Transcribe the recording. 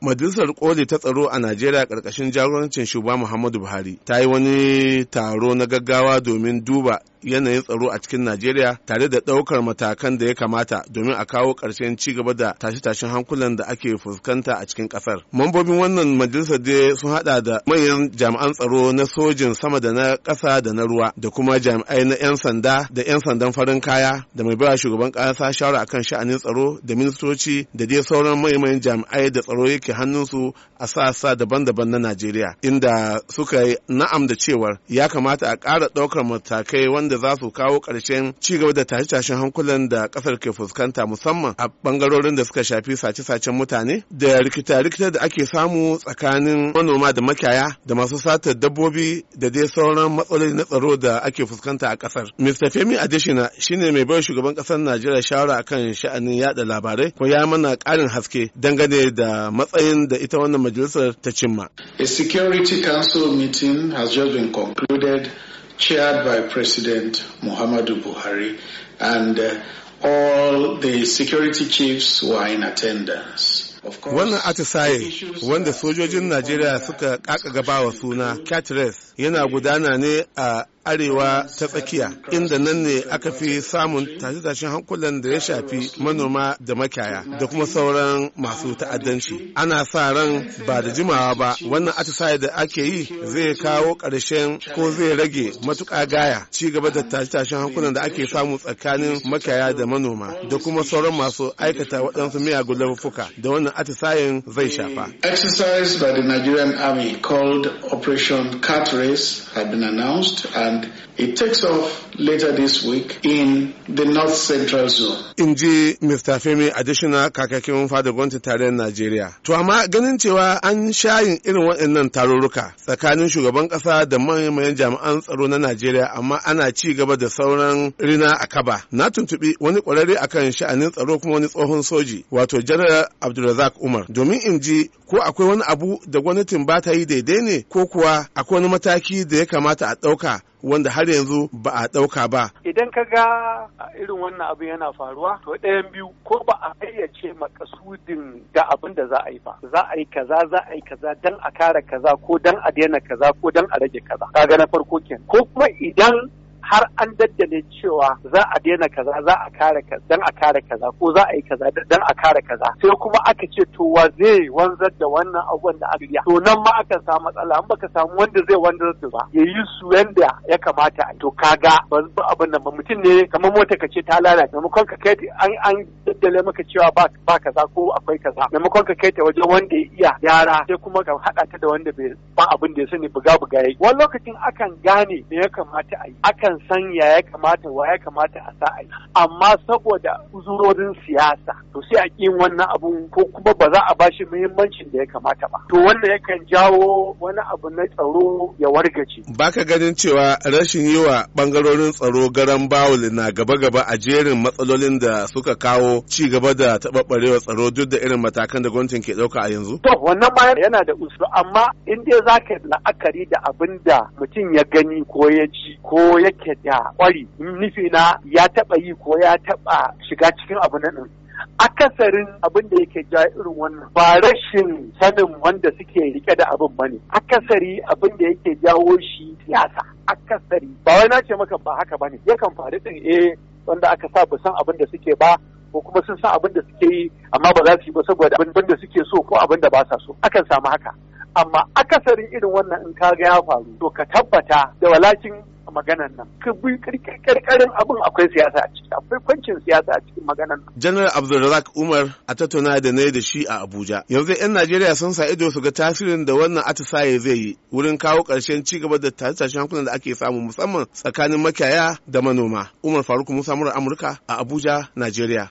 Majalisar koli ta tsaro a Najeriya ƙarƙashin jagorancin shugaba Muhammadu Buhari ta yi wani taro na gaggawa domin duba yanayin tsaro a cikin Najeriya tare da ɗaukar matakan da ya kamata domin a kawo ƙarshen ci gaba da tashe-tashen hankulan da ake fuskanta a cikin ƙasar. Mambobin wannan majalisar dai sun haɗa da manyan jami'an tsaro na sojin sama da na ƙasa da na ruwa da kuma jami'ai na 'yan sanda da 'yan sandan farin kaya da mai bawa shugaban ƙasa shawara akan sha'anin tsaro da ministoci da dai sauran manya-manyan jami'ai da tsaro yake hannunsu a sassa daban-daban na Najeriya inda suka yi na'am da cewar ya kamata a ƙara ɗaukar matakai wanda da za su kawo ƙarshen ci gaba da tashe-tashen hankulan da ƙasar ke fuskanta musamman a ɓangarorin da suka shafi sace-sacen mutane da rikita-rikita da ake samu tsakanin manoma da makiyaya da masu satar dabbobi da dai sauran matsaloli na tsaro da ake fuskanta a ƙasar. Mr. Femi Adesina shine mai bai shugaban ƙasar Najeriya shawara a kan sha'anin yada labarai ko ya mana ƙarin haske dangane da matsayin da ita wannan majalisar ta cimma. A Security Council meeting has just been concluded chaired by President Muhammadu Buhari, and uh, all the security chiefs were in attendance. Wannan atisaye wanda sojojin Najeriya suka kakagabawa suna Catres yana gudana ne a arewa ta tsakiya inda nan ne aka fi samun tashe-tashen hankulan da ya shafi manoma da makiyaya da kuma sauran masu ta'addanci ana sa ran ba da jimawa ba wannan atisaye da ake yi zai kawo ƙarshen ko zai rage matuƙa gaya ci gaba da tashe-tashen hankulan da ake samu tsakanin makiyaya da manoma da kuma sauran masu aikata waɗansu miyagun laifuka da wannan atisayen zai shafa exercise by the Nigerian army called Operation Cat Race had been announced and and it takes off later this week in the north central zone. In ji Mr. Femi additional kakakin fada gwamnati tarayyar Najeriya. To amma ganin cewa an shayin irin waɗannan tarurruka tsakanin shugaban ƙasa da manyan jami'an tsaro na Najeriya amma ana ci gaba da sauran rina a kaba. Na tuntuɓi wani ƙwararre akan sha'anin tsaro kuma wani tsohon soji wato General Abdulrazak Umar domin in ji ko akwai wani abu da gwamnatin ba ta yi daidai ne ko kuwa akwai wani mataki da ya kamata a ɗauka wanda har yanzu ba a ɗauka ba. Idan ka ga irin wannan abu yana faruwa to ɗayan biyu ko ba a hayyace makasudin da abin da za a yi ba. Za a yi kaza za a yi kaza dan a kare kaza ko dan a daina kaza ko dan a rage kaza. Kaga na farko kenan. Ko kuma idan har an daddale cewa za a daina kaza za a kare kaza dan a kare kaza ko za a yi kaza dan a kare kaza sai kuma aka ce to wa zai wanzar da wannan abubuwan da aka yi to nan ma aka samu matsala an baka samu wanda zai wanzar da ba ya yi su yanda ya kamata a to kaga ba abin nan ba mutum ne kamar mota ka ce ta lalace maimakon ka kai an an daddale maka cewa ba ba kaza ko akwai kaza maimakon ka kai ta wajen wanda ya iya yara sai kuma ka hada ta da wanda bai ba abin da ya sani buga buga yayi wani lokacin akan gane me ya kamata a yi akan san ya ya kamata wa ya kamata a sa amma saboda uzurorin siyasa to sai a wannan abun ko kuma ba za a bashi muhimmancin da ya kamata ba to wannan yakan jawo wani abu na tsaro ya wargace baka ganin cewa rashin yiwa wa bangarorin tsaro garan bawul na gaba-gaba a jerin matsalolin da suka kawo ci gaba da taɓaɓɓarewar tsaro duk da irin matakan da gwamnatin ke ɗauka a yanzu to wannan ma yana da usuru amma in dai zaka la'akari da abinda mutum ya gani ko ya ji ko yake ta da kwari nufi na ya taba yi ko ya taba shiga cikin abu na akasarin abin da yake ja irin wannan ba rashin sanin wanda suke rike da abin ba ne akasari abin da yake jawo shi siyasa akasari ba wai na ce maka ba haka ba ne yakan faru din eh wanda aka sa ba san abin da suke ba ko kuma sun san abin da suke yi amma ba za su yi ba saboda abin da suke so ko abin da ba sa so akan samu haka amma akasarin irin wannan in ka ga ya faru to ka tabbata da walakin maganan nan ka bi karkarin abin akwai siyasa a ciki akwai kwancin siyasa a cikin maganan nan general abdulrazak umar a tattauna da na yi da shi a abuja yanzu yan najeriya sun sa ido su ga tasirin da wannan atisaye zai yi wurin kawo ƙarshen ci gaba da tashe-tashen hankulan da ake samu musamman tsakanin makiyaya da manoma umar faruk musa mura amurka a abuja najeriya